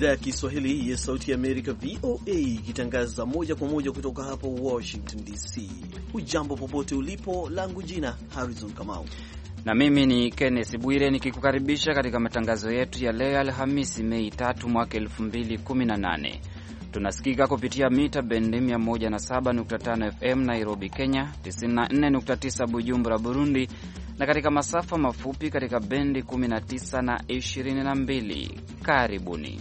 idhaa ya Kiswahili ya Sauti ya Amerika, VOA, ikitangaza moja kwa moja kutoka hapa Washington DC. Hujambo popote ulipo, langu jina Harrison Kamau na mimi ni Kenneth Bwire nikikukaribisha katika matangazo yetu ya leo Alhamisi, Mei 3 mwaka 2018. Tunasikika kupitia mita bendi 107.5 FM Nairobi, Kenya, 94.9 Bujumbura, Burundi, na katika masafa mafupi katika bendi 19 na 22. Karibuni.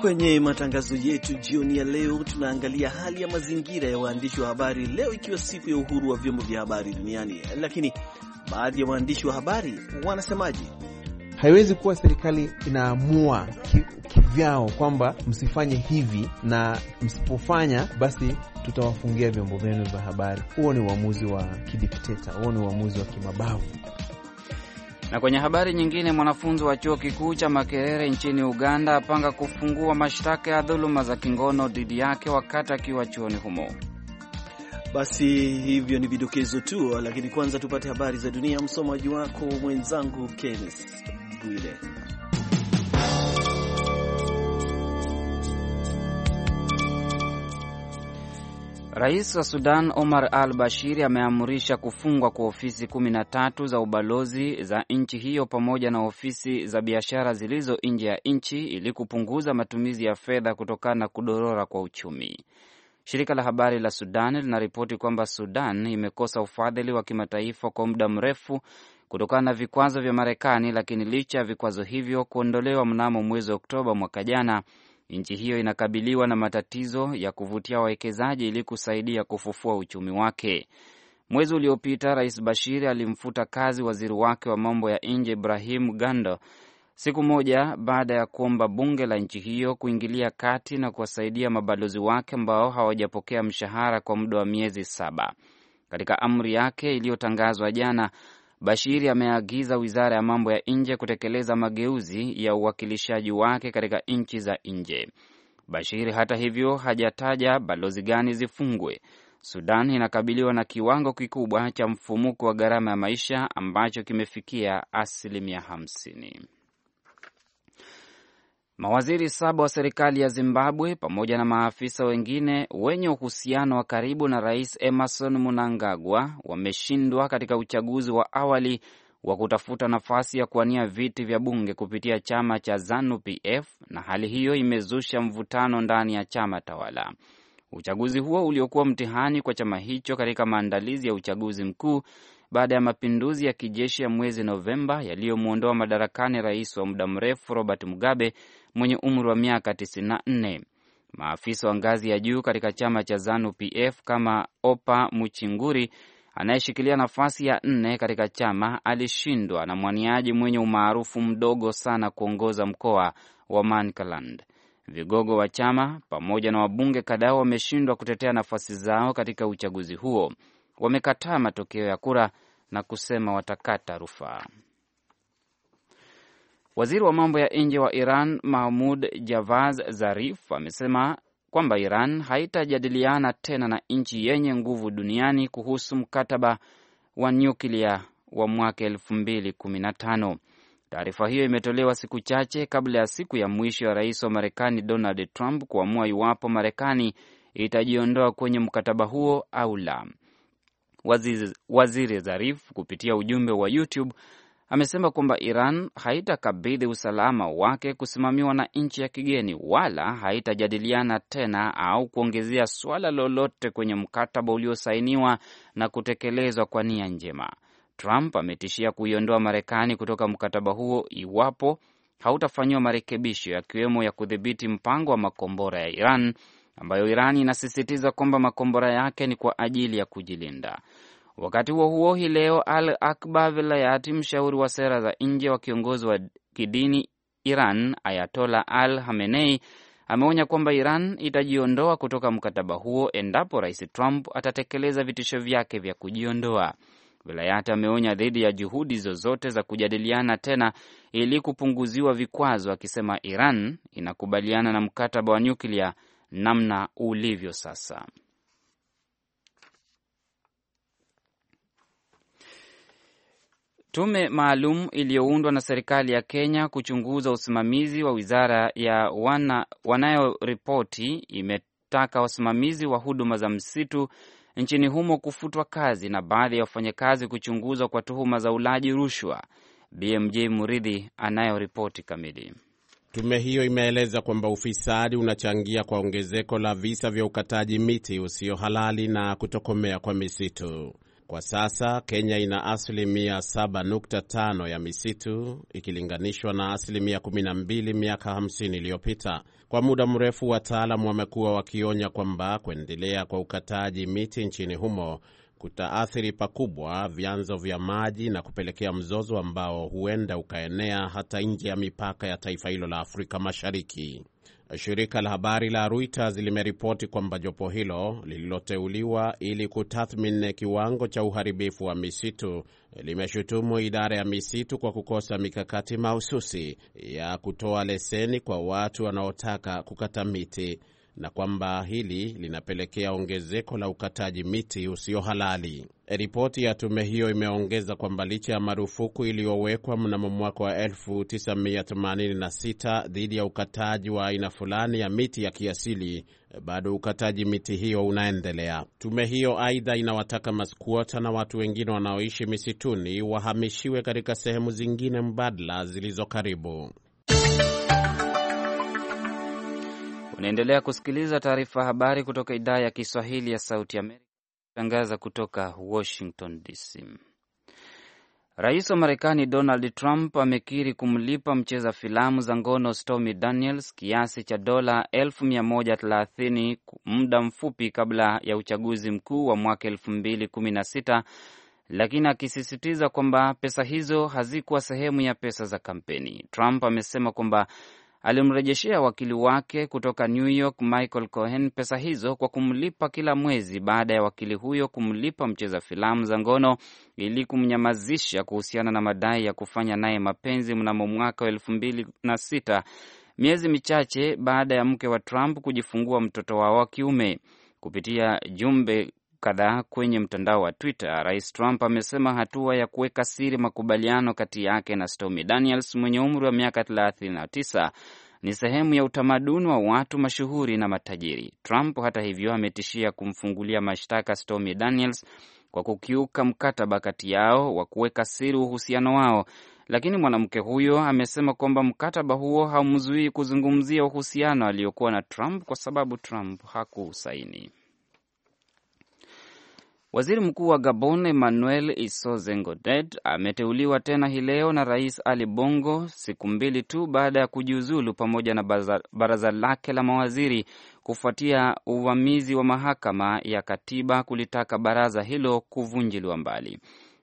Kwenye matangazo yetu jioni ya leo tunaangalia hali ya mazingira ya waandishi wa habari leo ikiwa siku ya uhuru wa vyombo vya habari duniani. Lakini baadhi ya waandishi wa habari wanasemaje? Haiwezi kuwa serikali inaamua vyao kwamba msifanye hivi, na msipofanya basi tutawafungia vyombo vyenu vya habari. Huo ni uamuzi wa kidikteta, huo ni uamuzi wa kimabavu. Na kwenye habari nyingine, mwanafunzi wa chuo kikuu cha Makerere nchini Uganda apanga kufungua mashtaka ya dhuluma za kingono dhidi yake wakati akiwa chuoni humo. Basi hivyo ni vidokezo tu, lakini kwanza tupate habari za dunia. Msomaji wako mwenzangu Kenis Bwire. Rais wa Sudan Omar al Bashir ameamrisha kufungwa kwa ofisi 13 za ubalozi za nchi hiyo pamoja na ofisi za biashara zilizo nje ya nchi ili kupunguza matumizi ya fedha kutokana na kudorora kwa uchumi. Shirika la habari la Sudan linaripoti kwamba Sudan imekosa ufadhili wa kimataifa kwa muda mrefu kutokana na vikwazo vya Marekani, lakini licha ya vikwazo hivyo kuondolewa mnamo mwezi Oktoba mwaka jana Nchi hiyo inakabiliwa na matatizo ya kuvutia wawekezaji ili kusaidia kufufua uchumi wake. Mwezi uliopita, Rais Bashir alimfuta kazi waziri wake wa mambo ya nje Ibrahim Gando siku moja baada ya kuomba bunge la nchi hiyo kuingilia kati na kuwasaidia mabalozi wake ambao hawajapokea mshahara kwa muda wa miezi saba. Katika amri yake iliyotangazwa jana, bashiri ameagiza wizara ya mambo ya nje kutekeleza mageuzi ya uwakilishaji wake katika nchi za nje. bashiri hata hivyo hajataja balozi gani zifungwe. Sudan inakabiliwa na kiwango kikubwa cha mfumuko wa gharama ya maisha ambacho kimefikia asilimia hamsini. Mawaziri saba wa serikali ya Zimbabwe pamoja na maafisa wengine wenye uhusiano wa karibu na Rais Emerson Mnangagwa wameshindwa katika uchaguzi wa awali wa kutafuta nafasi ya kuwania viti vya bunge kupitia chama cha ZANU-PF na hali hiyo imezusha mvutano ndani ya chama tawala. Uchaguzi huo uliokuwa mtihani kwa chama hicho katika maandalizi ya uchaguzi mkuu baada ya mapinduzi ya kijeshi ya mwezi Novemba yaliyomwondoa madarakani rais wa muda mrefu Robert Mugabe mwenye umri wa miaka 94. Maafisa wa ngazi ya juu katika chama cha ZANU PF kama Opa Muchinguri anayeshikilia nafasi ya nne katika chama alishindwa na mwaniaji mwenye umaarufu mdogo sana kuongoza mkoa wa mankland Vigogo wa chama pamoja na wabunge kadhaa wameshindwa kutetea nafasi zao katika uchaguzi huo. Wamekataa matokeo ya kura na kusema watakata rufaa. Waziri wa mambo ya nje wa Iran Mahmud Javad Zarif amesema kwamba Iran haitajadiliana tena na nchi yenye nguvu duniani kuhusu mkataba wa nyuklia wa mwaka elfu mbili kumi na tano. Taarifa hiyo imetolewa siku chache kabla ya siku ya mwisho ya rais wa Marekani Donald Trump kuamua iwapo Marekani itajiondoa kwenye mkataba huo au la. Waziri Zarif kupitia ujumbe wa YouTube amesema kwamba Iran haitakabidhi usalama wake kusimamiwa na nchi ya kigeni wala haitajadiliana tena au kuongezea swala lolote kwenye mkataba uliosainiwa na kutekelezwa kwa nia njema. Trump ametishia kuiondoa Marekani kutoka mkataba huo iwapo hautafanyiwa marekebisho yakiwemo ya kudhibiti mpango wa makombora ya Iran ambayo Iran inasisitiza kwamba makombora yake ni kwa ajili ya kujilinda. Wakati huo huo, hii leo Al Akbar Velayati, mshauri wa sera za nje wa kiongozi wa kidini Iran Ayatola Al Hamenei, ameonya kwamba Iran itajiondoa kutoka mkataba huo endapo Rais Trump atatekeleza vitisho vyake vya kujiondoa. vilayati ameonya dhidi ya juhudi zozote za kujadiliana tena ili kupunguziwa vikwazo, akisema Iran inakubaliana na mkataba wa nyuklia namna ulivyo sasa. Tume maalum iliyoundwa na serikali ya Kenya kuchunguza usimamizi wa wizara ya wana, wanayoripoti imetaka wasimamizi wa huduma za msitu nchini humo kufutwa kazi na baadhi ya wafanyakazi kuchunguzwa kwa tuhuma za ulaji rushwa. BMJ Muridhi anayoripoti kamili. Tume hiyo imeeleza kwamba ufisadi unachangia kwa ongezeko la visa vya ukataji miti usio halali na kutokomea kwa misitu. Kwa sasa Kenya ina asilimia 7.5 ya misitu ikilinganishwa na asilimia 12 miaka 50 iliyopita. Kwa muda mrefu, wataalamu wamekuwa wakionya kwamba kuendelea kwa ukataji miti nchini humo kutaathiri pakubwa vyanzo vya maji na kupelekea mzozo ambao huenda ukaenea hata nje ya mipaka ya taifa hilo la Afrika Mashariki. Shirika la habari la Reuters limeripoti kwamba jopo hilo lililoteuliwa ili kutathmini kiwango cha uharibifu wa misitu limeshutumu idara ya misitu kwa kukosa mikakati mahususi ya kutoa leseni kwa watu wanaotaka kukata miti na kwamba hili linapelekea ongezeko la ukataji miti usio halali. E, ripoti ya tume hiyo imeongeza kwamba licha ya marufuku iliyowekwa mnamo mwaka wa 1986 dhidi ya ukataji wa aina fulani ya miti ya kiasili, e, bado ukataji miti hiyo unaendelea. Tume hiyo aidha inawataka maskuota na watu wengine wanaoishi misituni wahamishiwe katika sehemu zingine mbadala zilizo karibu. Unaendelea kusikiliza taarifa habari kutoka idhaa ya Kiswahili ya Sauti Amerika, tangaza kutoka Washington DC. Rais wa Marekani Donald Trump amekiri kumlipa mcheza filamu za ngono Stormy Daniels kiasi cha dola 130 muda mfupi kabla ya uchaguzi mkuu wa mwaka 2016, lakini akisisitiza kwamba pesa hizo hazikuwa sehemu ya pesa za kampeni. Trump amesema kwamba alimrejeshea wakili wake kutoka New York Michael Cohen pesa hizo kwa kumlipa kila mwezi baada ya wakili huyo kumlipa mcheza filamu za ngono ili kumnyamazisha kuhusiana na madai ya kufanya naye mapenzi mnamo mwaka wa elfu mbili na sita miezi michache baada ya mke wa Trump kujifungua mtoto wao wa kiume. Kupitia jumbe kadhaa kwenye mtandao wa Twitter, Rais Trump amesema hatua ya kuweka siri makubaliano kati yake na Stormy Daniels mwenye umri wa miaka 39 ni sehemu ya utamaduni wa watu mashuhuri na matajiri. Trump hata hivyo ametishia kumfungulia mashtaka Stormy Daniels kwa kukiuka mkataba kati yao wa kuweka siri uhusiano wao, lakini mwanamke huyo amesema kwamba mkataba huo haumzuii kuzungumzia uhusiano aliokuwa na Trump kwa sababu Trump hakuusaini. Waziri Mkuu wa Gabon Emmanuel Isoze Ngodet ameteuliwa tena hii leo na Rais Ali Bongo siku mbili tu baada ya kujiuzulu pamoja na baraza lake la mawaziri kufuatia uvamizi wa mahakama ya katiba kulitaka baraza hilo kuvunjiliwa mbali.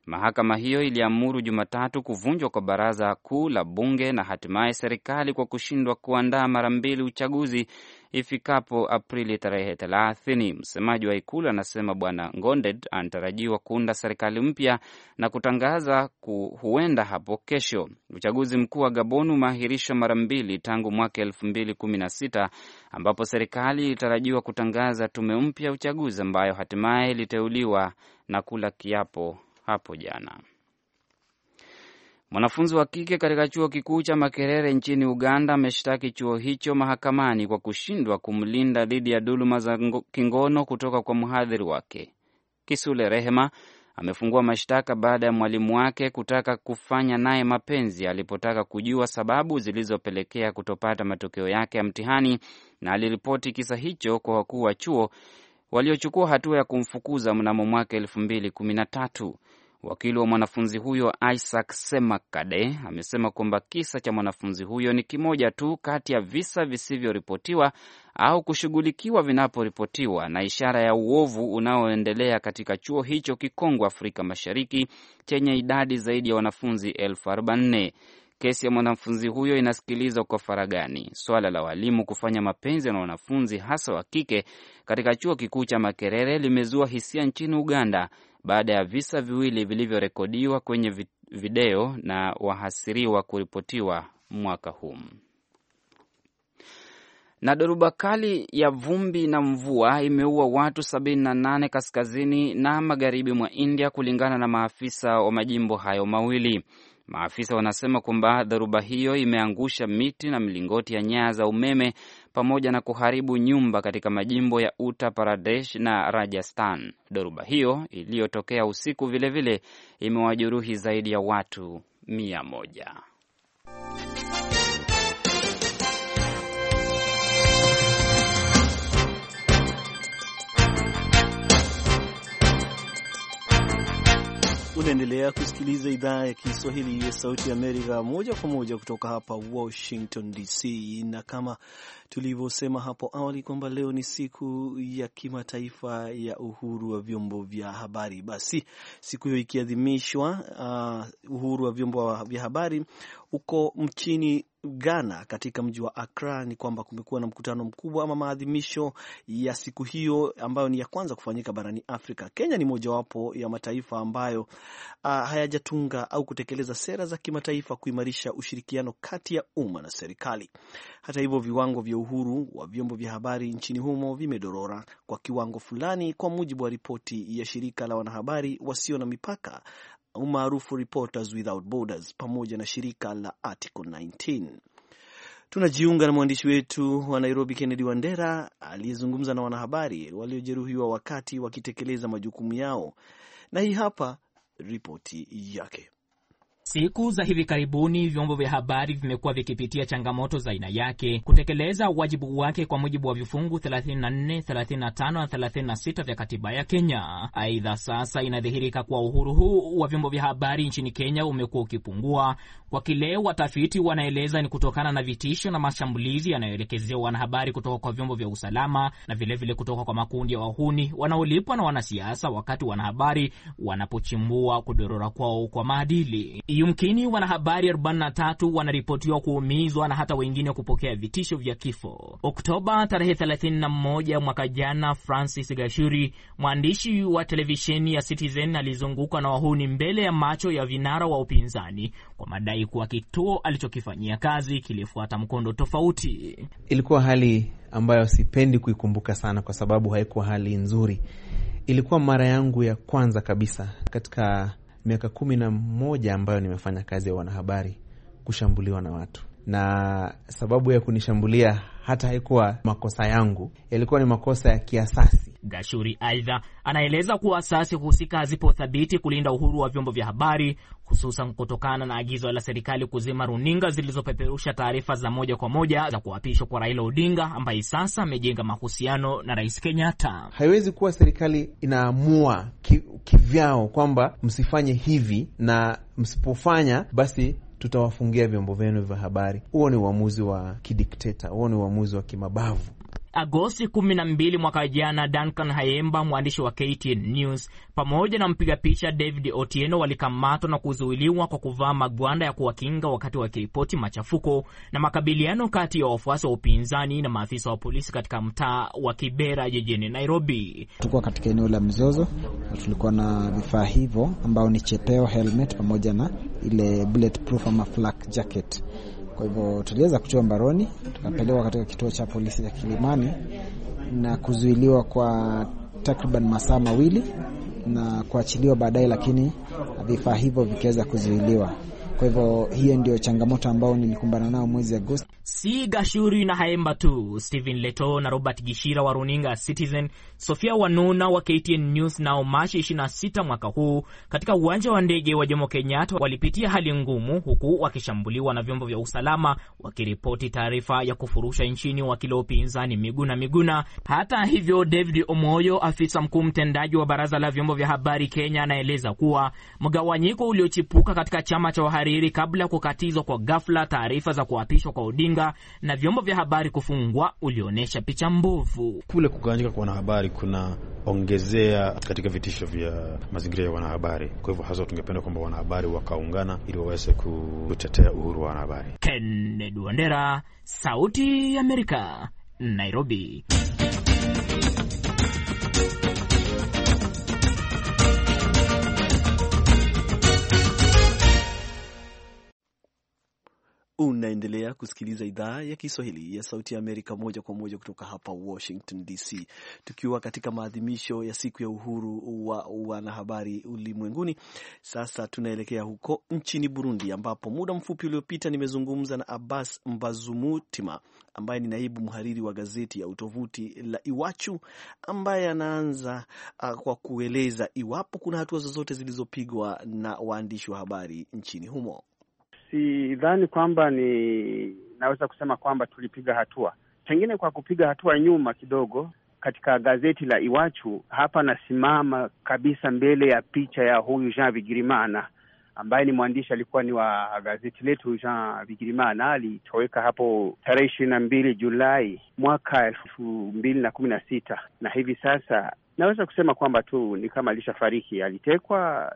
Mahakama hiyo iliamuru Jumatatu kuvunjwa kwa baraza kuu la bunge na hatimaye serikali kwa kushindwa kuandaa mara mbili uchaguzi ifikapo Aprili tarehe thelathini. Msemaji wa Ikulu anasema Bwana Ngonded anatarajiwa kuunda serikali mpya na kutangaza huenda hapo kesho. Uchaguzi mkuu wa Gabon umeahirishwa mara mbili tangu mwaka elfu mbili kumi na sita ambapo serikali ilitarajiwa kutangaza tume mpya uchaguzi ambayo hatimaye iliteuliwa na kula kiapo hapo jana. Mwanafunzi wa kike katika chuo kikuu cha Makerere nchini Uganda ameshtaki chuo hicho mahakamani kwa kushindwa kumlinda dhidi ya dhuluma za kingono kutoka kwa mhadhiri wake. Kisule Rehema amefungua mashtaka baada ya mwalimu wake kutaka kufanya naye mapenzi alipotaka kujua sababu zilizopelekea kutopata matokeo yake ya mtihani, na aliripoti kisa hicho kwa wakuu wa chuo waliochukua hatua ya kumfukuza mnamo mwaka elfu mbili kumi na tatu. Wakili wa mwanafunzi huyo Isaac Semakade amesema kwamba kisa cha mwanafunzi huyo ni kimoja tu kati ya visa visivyoripotiwa au kushughulikiwa vinaporipotiwa na ishara ya uovu unaoendelea katika chuo hicho kikongwe Afrika Mashariki chenye idadi zaidi ya wanafunzi elfu arobaini. Kesi ya mwanafunzi huyo inasikilizwa kwa faragani. Swala la walimu kufanya mapenzi na wanafunzi hasa wa kike katika chuo kikuu cha Makerere limezua hisia nchini Uganda baada ya visa viwili vilivyorekodiwa kwenye video na wahasiriwa kuripotiwa mwaka huu. Na dhoruba kali ya vumbi na mvua imeua watu 78 kaskazini na magharibi mwa India kulingana na maafisa wa majimbo hayo mawili. Maafisa wanasema kwamba dharuba hiyo imeangusha miti na milingoti ya nyaya za umeme pamoja na kuharibu nyumba katika majimbo ya Uttar Pradesh na Rajasthan. Dhoruba hiyo iliyotokea usiku vilevile imewajeruhi zaidi ya watu mia moja. Unaendelea kusikiliza idhaa ya Kiswahili ya Sauti Amerika moja kwa moja kutoka hapa Washington DC, na kama tulivyosema hapo awali kwamba leo ni siku ya kimataifa ya uhuru wa vyombo vya habari. Basi siku hiyo ikiadhimishwa, uh, uhuru wa vyombo vya habari huko mchini Ghana katika mji wa Accra ni kwamba kumekuwa na mkutano mkubwa ama maadhimisho ya siku hiyo ambayo ni ya kwanza kufanyika barani Afrika. Kenya ni mojawapo ya mataifa ambayo uh, hayajatunga au kutekeleza sera za kimataifa kuimarisha ushirikiano kati ya umma na serikali. Hata hivyo, viwango vya uhuru wa vyombo vya habari nchini humo vimedorora kwa kiwango fulani, kwa mujibu wa ripoti ya shirika la wanahabari wasio na mipaka umaarufu Reporters Without Borders pamoja na shirika la Article 19. Tunajiunga na mwandishi wetu wa Nairobi, Kennedy Wandera, aliyezungumza na wanahabari waliojeruhiwa wakati wakitekeleza majukumu yao, na hii hapa ripoti yake. Siku za hivi karibuni vyombo vya habari vimekuwa vikipitia changamoto za aina yake kutekeleza wajibu wake kwa mujibu wa vifungu 34, 35 na 36 vya katiba ya Kenya. Aidha, sasa inadhihirika kuwa uhuru huu wa vyombo vya habari nchini Kenya umekuwa ukipungua kwa kile watafiti wanaeleza ni kutokana na vitisho na mashambulizi yanayoelekezewa wanahabari kutoka kwa vyombo vya usalama na vilevile vile kutoka kwa makundi ya wahuni wanaolipwa na wanasiasa wakati wanahabari wanapochimbua kudorora kwao kwa maadili. Yumkini wanahabari 43 wanaripotiwa kuumizwa na hata wengine kupokea vitisho vya kifo. Oktoba tarehe 31 mwaka jana, Francis Gashuri, mwandishi wa televisheni ya Citizen, alizungukwa na wahuni mbele ya macho ya vinara wa upinzani kwa madai kuwa kituo alichokifanyia kazi kilifuata mkondo tofauti. Ilikuwa hali ambayo sipendi kuikumbuka sana, kwa sababu haikuwa hali nzuri. Ilikuwa mara yangu ya kwanza kabisa katika miaka kumi na moja ambayo nimefanya kazi ya wanahabari kushambuliwa na watu na sababu ya kunishambulia hata haikuwa makosa yangu, yalikuwa ni makosa ya kiasasi. Gashuri aidha anaeleza kuwa asasi husika hazipo thabiti kulinda uhuru wa vyombo vya habari, hususan kutokana na agizo la serikali kuzima runinga zilizopeperusha taarifa za moja kwa moja za kuapishwa kwa Raila Odinga ambaye sasa amejenga mahusiano na Rais Kenyatta. Haiwezi kuwa serikali inaamua kivyao kwamba msifanye hivi na msipofanya basi tutawafungia vyombo vyenu vya habari. Huo ni uamuzi wa kidikteta, huo ni uamuzi wa kimabavu. Agosti 12 mwaka jana, Duncan Hayemba, mwandishi wa KTN News, pamoja na mpiga picha David Otieno walikamatwa na kuzuiliwa kwa kuvaa magwanda ya kuwakinga wakati wakiripoti machafuko na makabiliano kati ya wafuasi wa upinzani na maafisa wa polisi katika mtaa wa Kibera jijini Nairobi. Tukuwa katika eneo la mzozo, tulikuwa na vifaa hivyo ambao ni chepeo, helmet pamoja na ile bulletproof ama flak jacket kwa hivyo tuliweza kutiwa mbaroni, tukapelekwa katika kituo cha polisi ya Kilimani na kuzuiliwa kwa takriban masaa mawili na kuachiliwa baadaye, lakini vifaa hivyo vikiweza kuzuiliwa. Kwa hivyo hiyo ndio changamoto ambayo nilikumbana nao mwezi Agosti. Si Gashuri na Haemba tu. Stephen Leto na Robert Gishira wa runinga Citizen, Sofia Wanuna wa KTN News nao Machi 26 mwaka huu katika uwanja wa ndege wa Jomo Kenyatta walipitia hali ngumu, huku wakishambuliwa na vyombo vya usalama wakiripoti taarifa ya kufurusha nchini wakili wa upinzani Miguna Miguna. Hata hivyo, David Omoyo, afisa mkuu mtendaji wa baraza la vyombo vya habari Kenya, anaeleza kuwa mgawanyiko uliochipuka katika chama cha kukariri kabla ya kukatizwa kwa ghafla taarifa za kuapishwa kwa Odinga na vyombo vya habari kufungwa ulionyesha picha mbovu. Kule kukanjika kwa wanahabari kunaongezea katika vitisho vya mazingira ya wanahabari. Kwa hivyo hasa tungependa kwamba wanahabari wakaungana ili waweze kutetea uhuru wa wanahabari. Kennedy Wandera, Sauti ya Amerika, Nairobi. Unaendelea kusikiliza idhaa ya Kiswahili ya Sauti ya Amerika moja kwa moja kutoka hapa Washington DC, tukiwa katika maadhimisho ya siku ya uhuru wa wanahabari ulimwenguni. Sasa tunaelekea huko nchini Burundi, ambapo muda mfupi uliopita nimezungumza na Abbas Mbazumutima ambaye ni naibu mhariri wa gazeti ya utovuti la Iwachu, ambaye anaanza uh, kwa kueleza iwapo kuna hatua zozote zilizopigwa na waandishi wa habari nchini humo sidhani kwamba ni naweza kusema kwamba tulipiga hatua, pengine kwa kupiga hatua nyuma kidogo. Katika gazeti la Iwachu hapa nasimama kabisa mbele ya picha ya huyu Jean Vigirimana ambaye ni mwandishi alikuwa ni wa gazeti letu. Jean Vigirimana alitoweka hapo tarehe ishirini na mbili Julai mwaka elfu mbili na kumi na sita na hivi sasa naweza kusema kwamba tu ni kama alishafariki. Alitekwa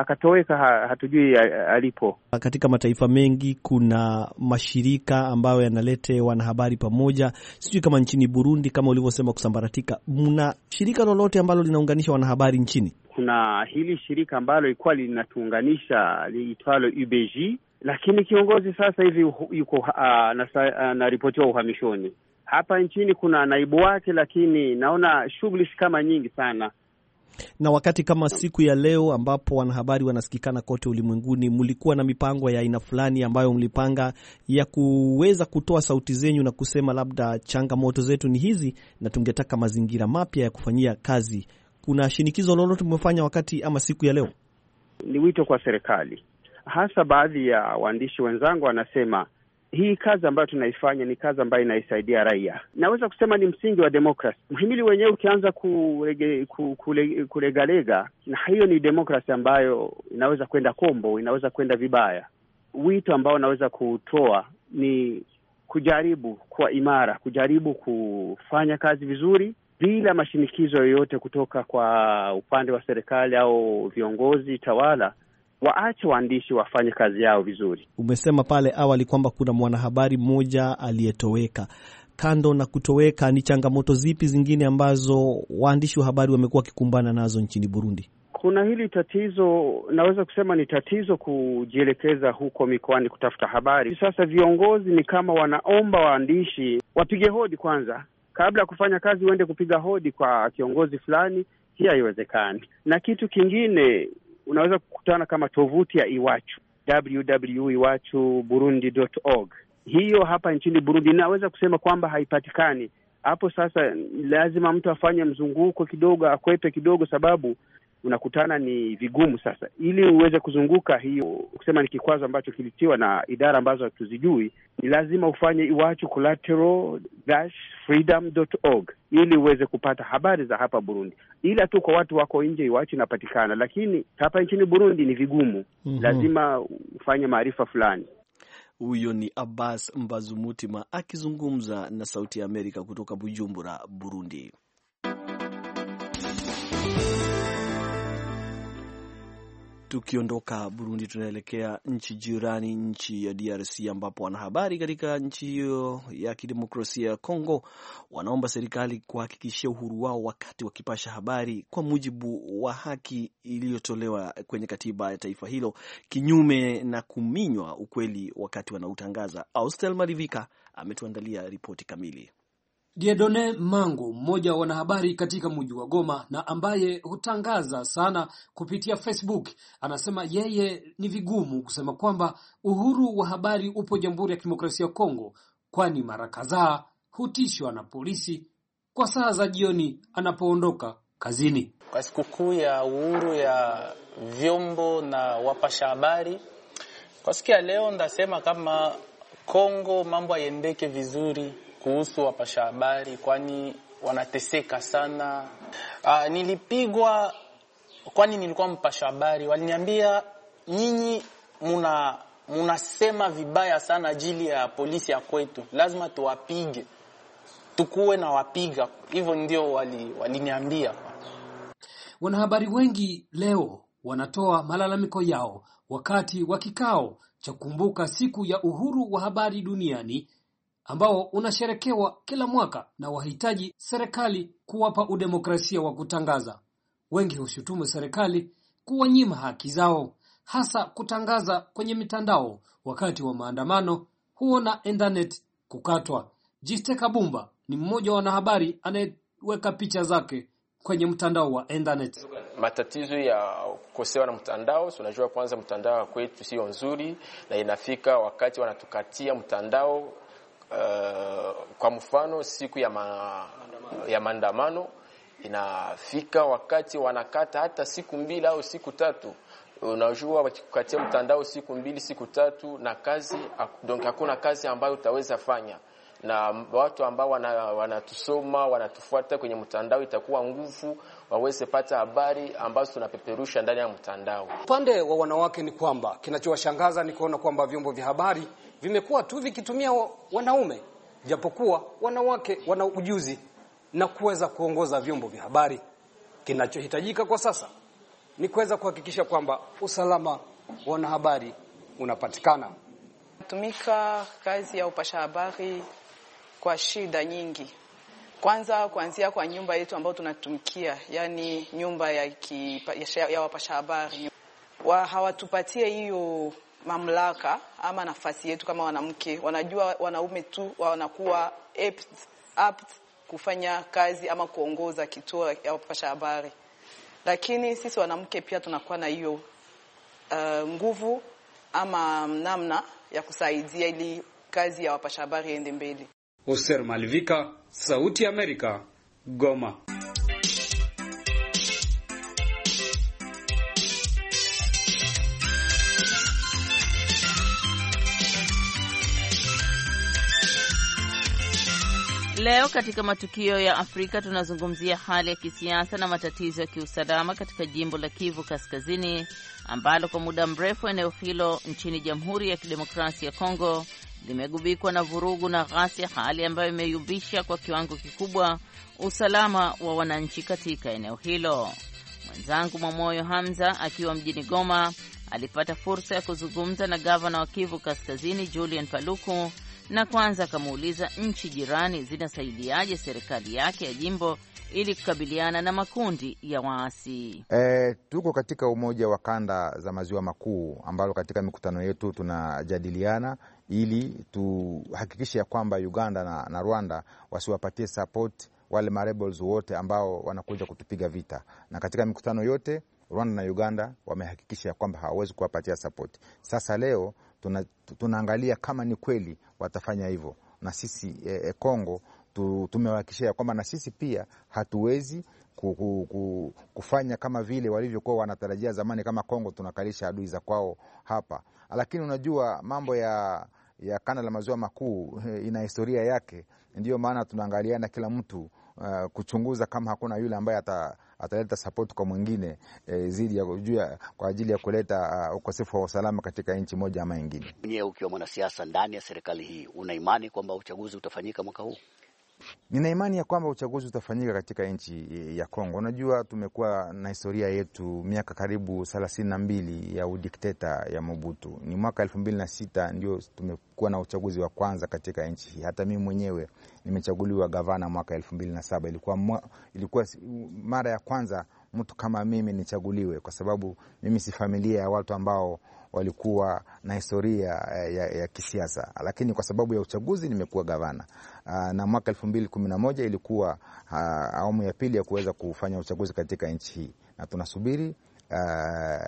akatoweka, hatujui alipo. Katika mataifa mengi kuna mashirika ambayo yanalete wanahabari pamoja, sijui kama nchini Burundi kama ulivyosema kusambaratika, mna shirika lolote ambalo linaunganisha wanahabari nchini? Kuna hili shirika ambalo ilikuwa linatuunganisha liitwalo UBG, lakini kiongozi sasa hivi yuko uh, uh, uhamishoni. Hapa nchini kuna naibu wake, lakini naona shughuli si kama nyingi sana na wakati kama siku ya leo ambapo wanahabari wanasikikana kote ulimwenguni, mlikuwa na mipango ya aina fulani ambayo mlipanga ya kuweza kutoa sauti zenyu na kusema labda changamoto zetu ni hizi na tungetaka mazingira mapya ya kufanyia kazi? Kuna shinikizo lolote mmefanya wakati ama siku ya leo? Ni wito kwa serikali, hasa baadhi ya waandishi wenzangu wanasema hii kazi ambayo tunaifanya ni kazi ambayo inaisaidia raia. Naweza kusema ni msingi wa demokrasi. Mhimili wenyewe ukianza kulegalega, na hiyo ni demokrasi ambayo inaweza kwenda kombo, inaweza kwenda vibaya. Wito ambao unaweza kutoa ni kujaribu kuwa imara, kujaribu kufanya kazi vizuri bila mashinikizo yoyote kutoka kwa upande wa serikali au viongozi tawala, waache waandishi wafanye kazi yao vizuri. Umesema pale awali kwamba kuna mwanahabari mmoja aliyetoweka. Kando na kutoweka, ni changamoto zipi zingine ambazo waandishi wa habari wamekuwa wakikumbana nazo nchini Burundi? Kuna hili tatizo, naweza kusema ni tatizo kujielekeza huko mikoani kutafuta habari. Sasa viongozi ni kama wanaomba waandishi wapige hodi kwanza, kabla ya kufanya kazi uende kupiga hodi kwa kiongozi fulani. Hii haiwezekani. Na kitu kingine unaweza kukutana kama tovuti ya Iwachu www.iwachuburundi.org. E Hiyo hapa nchini Burundi inaweza kusema kwamba haipatikani hapo. Sasa lazima mtu afanye mzunguko kidogo, akwepe kidogo, sababu unakutana ni vigumu sasa, ili uweze kuzunguka hiyo, kusema ni kikwazo ambacho kilitiwa na idara ambazo hatuzijui, ni lazima ufanye iwachu collateral-freedom.org ili uweze kupata habari za hapa Burundi, ila tu kwa watu wako nje iwachu inapatikana, lakini hapa nchini Burundi ni vigumu. mm -hmm. Lazima ufanye maarifa fulani. Huyo ni Abbas Mbazumutima akizungumza na Sauti ya Amerika kutoka Bujumbura, Burundi. Tukiondoka Burundi, tunaelekea nchi jirani, nchi ya DRC, ambapo wanahabari katika nchi hiyo ya kidemokrasia ya congo wanaomba serikali kuhakikishia uhuru wao wakati wakipasha habari kwa mujibu wa haki iliyotolewa kwenye katiba ya taifa hilo, kinyume na kuminywa ukweli wakati wanautangaza. Austel Malivika ametuandalia ripoti kamili. Diedone Mangu, mmoja wa wanahabari katika mji wa Goma na ambaye hutangaza sana kupitia Facebook, anasema yeye ni vigumu kusema kwamba uhuru wa habari upo Jamhuri ya Kidemokrasia ya Kongo, kwani mara kadhaa hutishwa na polisi kwa saa za jioni anapoondoka kazini. Kwa sikukuu ya uhuru ya vyombo na wapasha habari, kwa siku ya leo ndasema kama Kongo mambo hayendeke vizuri kuhusu wapasha habari, kwani wanateseka sana. Aa, ah, nilipigwa kwani nilikuwa mpasha habari, waliniambia nyinyi muna munasema vibaya sana ajili ya polisi ya kwetu, lazima tuwapige, tukuwe na wapiga. Hivyo ndio waliniambia wali wanahabari wengi leo wanatoa malalamiko yao wakati wa kikao cha kukumbuka siku ya uhuru wa habari duniani ambao unasherekewa kila mwaka na wahitaji serikali kuwapa udemokrasia wa kutangaza. Wengi hushutumu serikali kuwanyima haki zao, hasa kutangaza kwenye mitandao wakati wa maandamano, huona internet kukatwa. Jiste Kabumba ni mmoja wa wanahabari anayeweka picha zake kwenye mtandao wa internet. Matatizo ya kukosewa na mtandao, tunajua kwanza mtandao wa kwetu sio nzuri, na inafika wakati wanatukatia mtandao Eh, kwa mfano siku ya, ma, ya maandamano inafika wakati wanakata hata siku mbili au siku tatu unajua wakikukatia mtandao siku mbili siku tatu na kazi donc hakuna kazi ambayo utaweza fanya na watu ambao wanatusoma wana wanatufuata kwenye mtandao, itakuwa nguvu waweze pata habari ambazo tunapeperusha ndani ya mtandao. Upande wa wanawake ni kwamba kinachowashangaza ni kuona kwamba vyombo vya habari vimekuwa tu vikitumia wanaume, japokuwa wanawake wana ujuzi na kuweza kuongoza vyombo vya habari. Kinachohitajika kwa sasa ni kuweza kuhakikisha kwamba usalama wa wanahabari unapatikana. Tumika kazi ya upasha habari kwa shida nyingi. Kwanza kuanzia kwa nyumba yetu ambayo tunatumikia, yani nyumba ya, ki, ya, ya wapasha habari wa, hawatupatie hiyo mamlaka ama nafasi yetu kama wanamke. Wanajua wanaume tu wanakuwa apt, apt kufanya kazi ama kuongoza kituo ya wapasha habari, lakini sisi wanamke pia tunakuwa na hiyo uh, nguvu ama namna ya kusaidia ili kazi ya wapasha habari iende mbele. Hoser Malvika, Sauti Amerika, Goma. Leo katika matukio ya Afrika tunazungumzia hali ya kisiasa na matatizo ya kiusalama katika jimbo la Kivu Kaskazini ambalo kwa muda mrefu eneo hilo nchini Jamhuri ya Kidemokrasia ya Kongo limegubikwa na vurugu na ghasia, hali ambayo imeyumbisha kwa kiwango kikubwa usalama wa wananchi katika eneo hilo. Mwenzangu Mwamoyo Hamza akiwa mjini Goma alipata fursa ya kuzungumza na gavana wa Kivu Kaskazini Julian Paluku, na kwanza akamuuliza nchi jirani zinasaidiaje serikali yake ya jimbo ili kukabiliana na makundi ya waasi. E, tuko katika umoja wa kanda za maziwa makuu ambalo katika mikutano yetu tunajadiliana ili tuhakikishe ya kwamba Uganda na, na Rwanda wasiwapatie support wale marebels wote ambao wanakuja kutupiga vita, na katika mikutano yote Rwanda na Uganda wamehakikisha ya kwamba hawawezi kuwapatia support. Sasa leo tuna, tunaangalia kama ni kweli watafanya hivyo na sisi e, e, Kongo tumewahakishia kwamba na sisi pia hatuwezi kufanya kama vile walivyokuwa wanatarajia zamani, kama Kongo tunakalisha adui za kwao hapa. Lakini unajua mambo ya, ya kanda la maziwa makuu eh, ina historia yake, ndiyo maana tunaangaliana kila mtu Uh, kuchunguza kama hakuna yule ambaye ata, ataleta sapoti kwa mwingine eh, zidi ya kujua kwa ajili ya kuleta uh, ukosefu wa usalama katika nchi moja ama nyingine. Mwenyewe ukiwa mwanasiasa ndani ya serikali hii, una imani kwamba uchaguzi utafanyika mwaka huu? Nina imani ya kwamba uchaguzi utafanyika katika nchi ya Kongo. Unajua, tumekuwa na historia yetu miaka karibu thelathini na mbili ya udikteta ya Mobutu. Ni mwaka elfu mbili na sita ndio tumekuwa na uchaguzi wa kwanza katika nchi hii. Hata mimi mwenyewe nimechaguliwa gavana mwaka elfu mbili na saba ilikuwa, mwa, ilikuwa mara ya kwanza mtu kama mimi nichaguliwe, kwa sababu mimi si familia ya watu ambao walikuwa na historia ya, ya kisiasa, lakini kwa sababu ya uchaguzi nimekuwa gavana. Ah, na mwaka elfu mbili kumi na moja ilikuwa ah, awamu ya pili ya kuweza kufanya uchaguzi katika nchi hii na tunasubiri uh,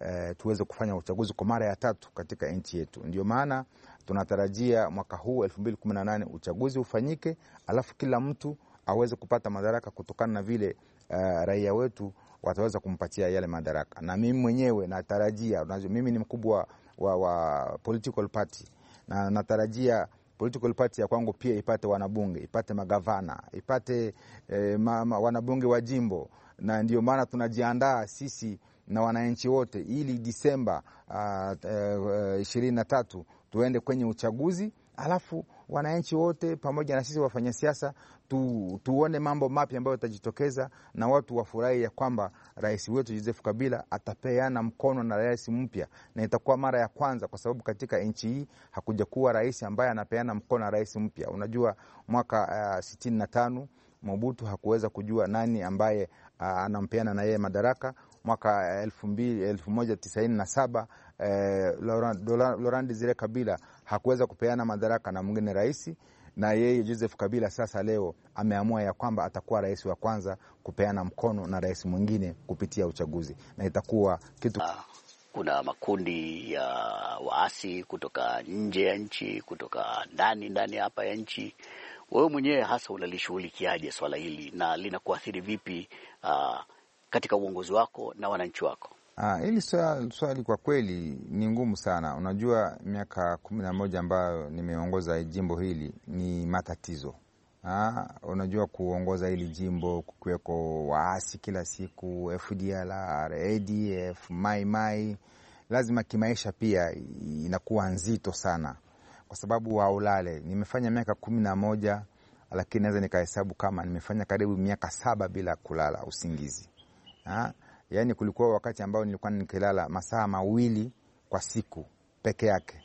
uh, tuweze kufanya uchaguzi kwa mara ya tatu katika nchi yetu. Ndio maana tunatarajia mwaka huu elfu mbili kumi na nane uchaguzi ufanyike, alafu kila mtu aweze kupata madaraka kutokana na vile uh, raia wetu wataweza kumpatia yale madaraka. Na mimi mwenyewe natarajia, mimi ni mkubwa wa, wa political party na natarajia political party ya kwangu pia ipate wanabunge, ipate magavana, ipate eh, ma, wanabunge wa jimbo, na ndio maana tunajiandaa sisi na wananchi wote ili Disemba ah, eh, eh, ishirini uh, uh, na tatu tuende kwenye uchaguzi alafu wananchi wote pamoja na sisi wafanyasiasa tu, tuone mambo mapya ambayo yatajitokeza na watu wafurahi ya kwamba rais wetu Joseph Kabila atapeana mkono na rais mpya, na itakuwa mara ya kwanza, kwa sababu katika nchi hii hakuja kuwa rais ambaye anapeana mkono na rais mpya. Unajua mwaka uh, sitini na tano Mobutu hakuweza kujua nani ambaye uh, anampeana na yeye madaraka. Mwaka uh, elfu moja tisaini na saba eh, Laurent, Desire Kabila hakuweza kupeana madaraka na mwingine rais, na yeye Joseph Kabila sasa leo ameamua ya kwamba atakuwa rais wa kwanza kupeana mkono na rais mwingine kupitia uchaguzi, na itakuwa kitu ah, kuna makundi ya waasi kutoka nje ya nchi, kutoka ndani ndani hapa ya nchi. Wewe mwenyewe hasa unalishughulikiaje swala hili na linakuathiri vipi, uh, katika uongozi wako na wananchi wako? Ah, hili swali, swali kwa kweli ni ngumu sana. Unajua, miaka kumi na moja ambayo nimeongoza jimbo hili ni matatizo. Aa, ah, unajua kuongoza hili jimbo kukiweko waasi kila siku, FDLR, ADF, maimai, lazima kimaisha pia inakuwa nzito sana, kwa sababu waulale. Nimefanya miaka kumi na moja, lakini naweza nikahesabu kama nimefanya karibu miaka saba bila kulala usingizi. Aa, ah, yani kulikuwa wakati ambao nilikuwa nikilala masaa mawili kwa siku peke yake,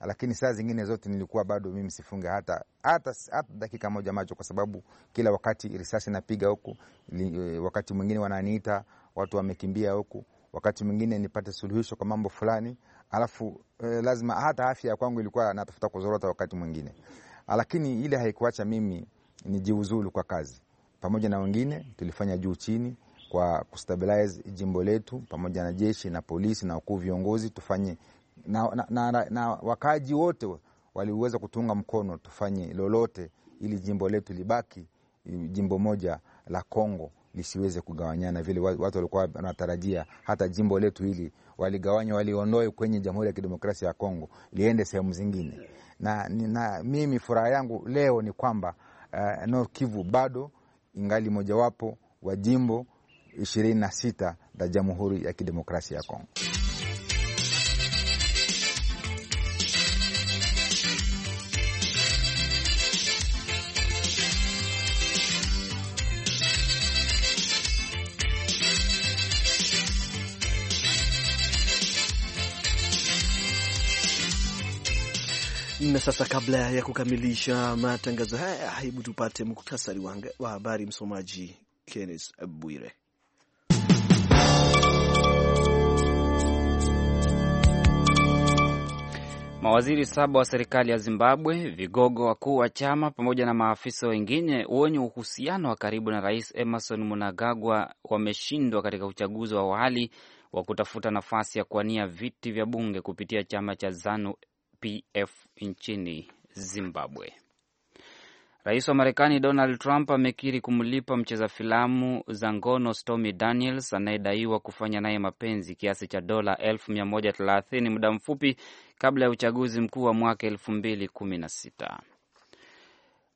lakini saa zingine zote nilikuwa bado mimi sifunge hata, hata, hata dakika moja macho, kwa sababu kila wakati risasi napiga huku, eh, wakati mwingine wananiita watu wamekimbia huku, wakati mwingine nipate suluhisho kwa mambo fulani, alafu eh, lazima hata afya ya kwangu ilikuwa natafuta kuzorota wakati mwingine, lakini ile haikuacha mimi nijiuzulu kwa kazi pamoja na wengine tulifanya juu chini, kwa kustabilize jimbo letu pamoja na jeshi na polisi na wakuu viongozi tufanye na, na, na, na, na wakaaji wote waliweza kutunga mkono, tufanye lolote ili jimbo letu libaki jimbo moja la Kongo lisiweze kugawanyana vile watu walikuwa wanatarajia. Hata jimbo letu hili waligawanywa, waliondoe kwenye Jamhuri ya Kidemokrasia ya Kongo liende sehemu zingine. Na, na mimi furaha yangu leo ni kwamba uh, eh, Nord Kivu bado ingali mojawapo wa jimbo ishirini na sita za Jamhuri ya Kidemokrasia ya Kongo. Na sasa kabla ya kukamilisha matangazo haya, hebu tupate muktasari wa habari. Msomaji Kenneth Bwire. Mawaziri saba wa serikali ya Zimbabwe, vigogo wakuu wa chama pamoja na maafisa wengine wenye uhusiano wa karibu na Rais Emerson Mnangagwa wameshindwa katika uchaguzi wa awali wa kutafuta nafasi ya kuwania viti vya bunge kupitia chama cha ZANU PF nchini Zimbabwe. Rais wa Marekani Donald Trump amekiri kumlipa mcheza filamu za ngono Stormy Daniels anayedaiwa kufanya naye mapenzi kiasi cha dola elfu muda mfupi kabla ya uchaguzi mkuu wa mwaka elfu mbili kumi na sita.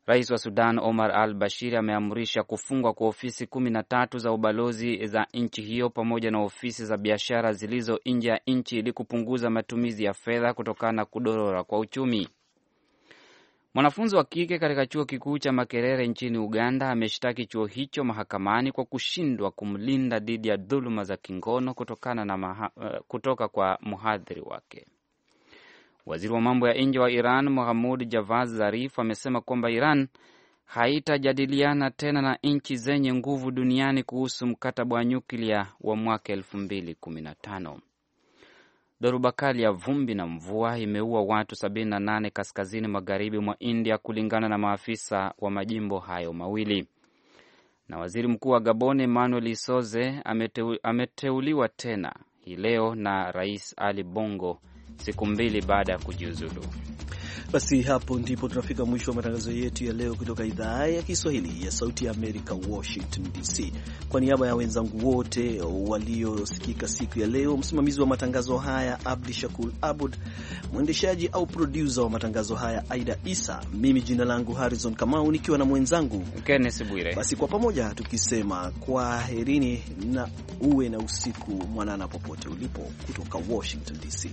Rais wa Sudan Omar al Bashir ameamrisha kufungwa kwa ofisi kumi na tatu za ubalozi za nchi hiyo pamoja na ofisi za biashara zilizo nje ya nchi ili kupunguza matumizi ya fedha kutokana na kudorora kwa uchumi. Mwanafunzi wa kike katika chuo kikuu cha Makerere nchini Uganda ameshtaki chuo hicho mahakamani kwa kushindwa kumlinda dhidi ya dhuluma za kingono kutokana na maha, eh, kutoka kwa mhadhiri wake. Waziri wa mambo ya nje wa Iran Mohamud Javad Zarif amesema kwamba Iran haitajadiliana tena na nchi zenye nguvu duniani kuhusu mkataba wa nyuklia wa mwaka elfu mbili kumi na tano. Dhoruba kali ya vumbi na mvua imeua watu 78 kaskazini magharibi mwa India kulingana na maafisa wa majimbo hayo mawili. Na waziri mkuu wa Gabon Emmanuel Isoze ameteuliwa tena hii leo na Rais Ali Bongo siku mbili baada ya kujiuzulu. Basi hapo ndipo tunafika mwisho wa matangazo yetu ya leo kutoka idhaa ya Kiswahili ya Sauti ya Amerika, Washington DC. Kwa niaba ya wenzangu wote waliosikika siku ya leo, msimamizi wa matangazo haya Abdi Shakur Abud, mwendeshaji au produsa wa matangazo haya Aida Isa, mimi jina langu Harrison Kamau nikiwa na mwenzangu Kenneth Bwire, basi kwa pamoja tukisema kwa herini na uwe na usiku mwanana popote ulipo kutoka Washington DC.